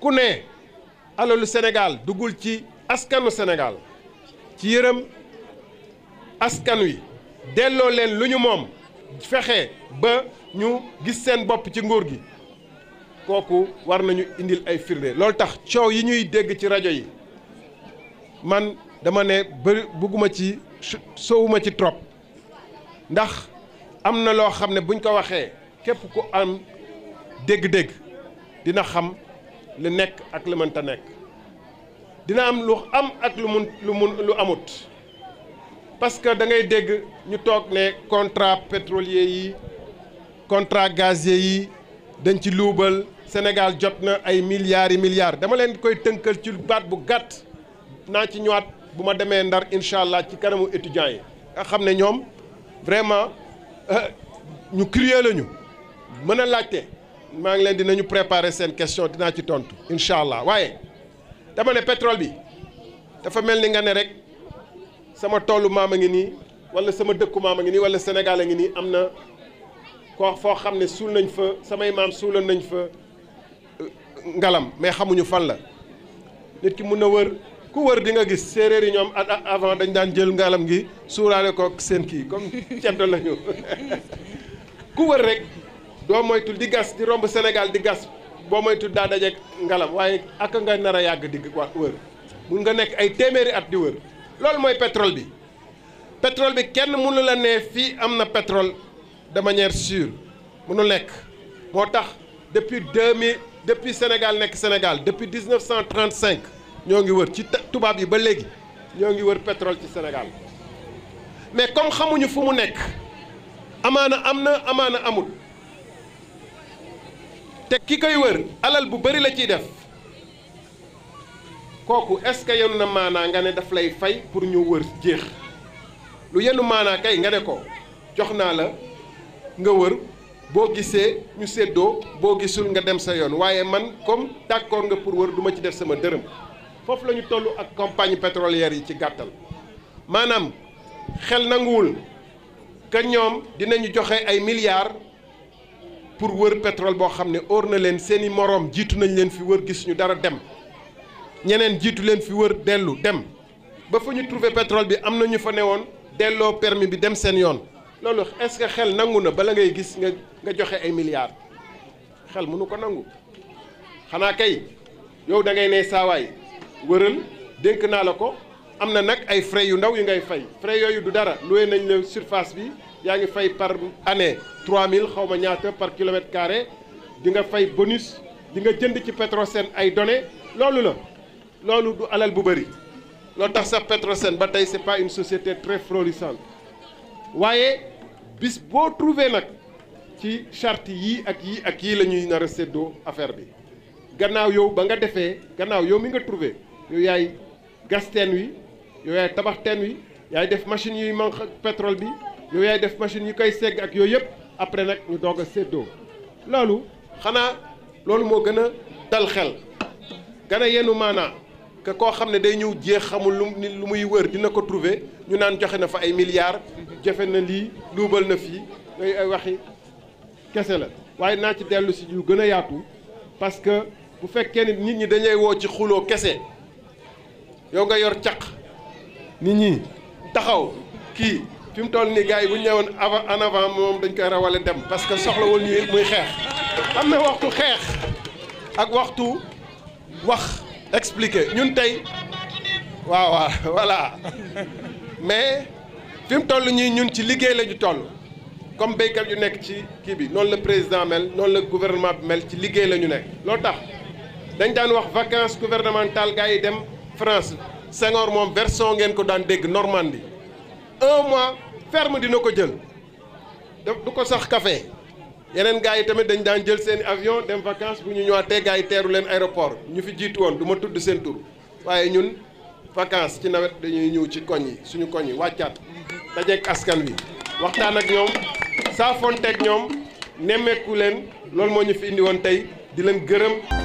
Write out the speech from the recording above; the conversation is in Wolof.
ku ne alalu senegaal duggul ci askanu senegaal ci yërëm askan wi delloo leen lu ñu moom fexe ba ñu gis seen bopp ci nguur gi kooku war nañu indil ay firnde loolu tax coow yi ñuy dégg ci rajo yi man dama ne bëri bugguma ci sowuma ci trop ndax am na loo xam ne buñ ko waxee képp ku am dégg-dégg dina xam li nekk ak li mënta nekk dina am lu am ak lu mun lu mun lu amut parce que da ngay dégg ñu toog ne contrat pétrolier yi contrat gazier yi dañ ci luubal Sénégal jot na ay milliards yi milliards dama leen koy tënkal ci baat bu gàtt naa ci ñëwaat bu ma demee ndar incha allah ci kanamu étudiants yi nga xam ne ñoom vraiment euh, ñu crier lañu mën a laajte. maa ngi leen dinañu préparer seen question dinaa ci tontu incha allah waaye dama ne pétrole bi dafa mel ni nga ne rek sama toolu maam a ngi nii wala sama dëkku maam a ngi nii wala Sénégal a ngi nii am na ko foo xam ne suul nañ fa samay maam suuloon nañ fa euh, ngalam mais xamuñu fan la nit ki mun na wër ku wër di nga gis séeréer yi ak avant dañ daan jël ngalam gi suuraale ko seen kii comme ceddo lañu ku wër rek. doo moytul di gas di romb Sénégal di gas boo moytul daa dajeeg ngalam waaye ak nga nar a yàgg di wër mun nga nekk ay téeméeri at di wër loolu mooy pétrole bi pétrole bi kenn mënu la ne fii am na pétrole de manière sûre mënu nekk moo tax depuis deux mille depuis Sénégal nekk Sénégal depuis dix neuf cent ñoo ngi wër ci tubaab yi ba léegi ñoo ngi wër pétrole ci Sénégal mais comme xamuñu fu mu nekk amaana am na amaana amul. te ki koy wër alal bu bari la ciy def kooku est-ce que yenu na maanaa nga ne daf lay fay pour ñu wër jeex lu yenu maanaa kay nga ne ko jox naa la nga wër boo gisee ñu séddoo boo gisul nga dem sa yoon waaye man comme d'accord nga pour wër duma ci def sama dërëm foofu la ñu toll ak compagnie pétrolière yi ci gàttal maanaam xel nanguwul que ñoom dinañu joxe ay milliards pour wër pétrole boo xam ne óor na leen seeni moroom jiitu nañ leen fi wër gis ñu dara dem ñeneen jiitu leen fi wër dellu dem ba fa ñu trouvé pétrole bi am na ñu fa woon delloo permis bi dem seen yoon loolu est-ce que xel nangu na bala ngay gis nga nga joxe ay milliards xel mënu ko nangu xanaa kay yow da ngay ne saawaay wëral dénk naa la ko am na nag ay frais yu ndaw yi ngay fay frais yooyu du dara loué nañ la surface bi yaa ngi fay par année 3000 xaw ma ñaata par kilomètre carré di nga fay bonis di nga jënd ci Petrosen ay données loolu la loolu du alal bu bëri loo tax sax Petrosen ba tey c'est pas une société très florissante waaye bis boo trouvé nag ci charte yii ak yii ak yii la ñuy nar seddoo séddoo affaire bi gannaaw yow ba nga defee gannaaw yow mi nga trouvé yow yaay gasten wi yow yaay tabax teen wi yaay def machine yuy mànq ak pétrole bi yow yaay def machine yi koy segg ak yooyu yëpp après nag ñu doog a séddoo loolu xanaa loolu moo gën a dal xel gën a yenu maanaa que koo xam ne day ñëw jeex xamul lu lu muy wër dina ko trouver ñu naan joxe na fa ay milliards jafe na lii luubal na fii yooyu ay waxi kese la waaye naa ci dellu si yu gën a yaatu parce que bu fekkee nit ñi dañ woo ci xuloo kese yow nga yor caq ni ñi taxaw kii fi mu toll nii gars yi bu ñu ñëwoon avant en avant moom dañ koy rawale dem parce que soxlawul ñuy muy xeex am na waxtu xeex ak waxtu wax expliquer ñun tey waaw waaw voilà mais fi mu toll ñii ñun ci liggéey la ñu comme béykat yu nekk ci kii bi noonu la président mel noonu la gouvernement bi mel ci liggéey la ñu nekk loo tax dañ daan wax vacances gouvernementales gars yi dem France Senghor moom version ngeen ko daan dégg Normandie un mois ferme dina ko jël def du ko sax kafe yeneen gars yi tamit dañ daan jël seen avion dem vacances bu ñu ñëwaatee gars yi teeru leen aéroport ñu fi jiitu woon du ma tudd seen tur waaye ñun vacances ci nawet dañuy ñëw ci koñ yi suñu koñ yi wàccaat dajeek askan wi waxtaan ak ñoom saafonteeg ñoom nemmeeku leen loolu moo ñu fi indi woon tey di leen gërëm.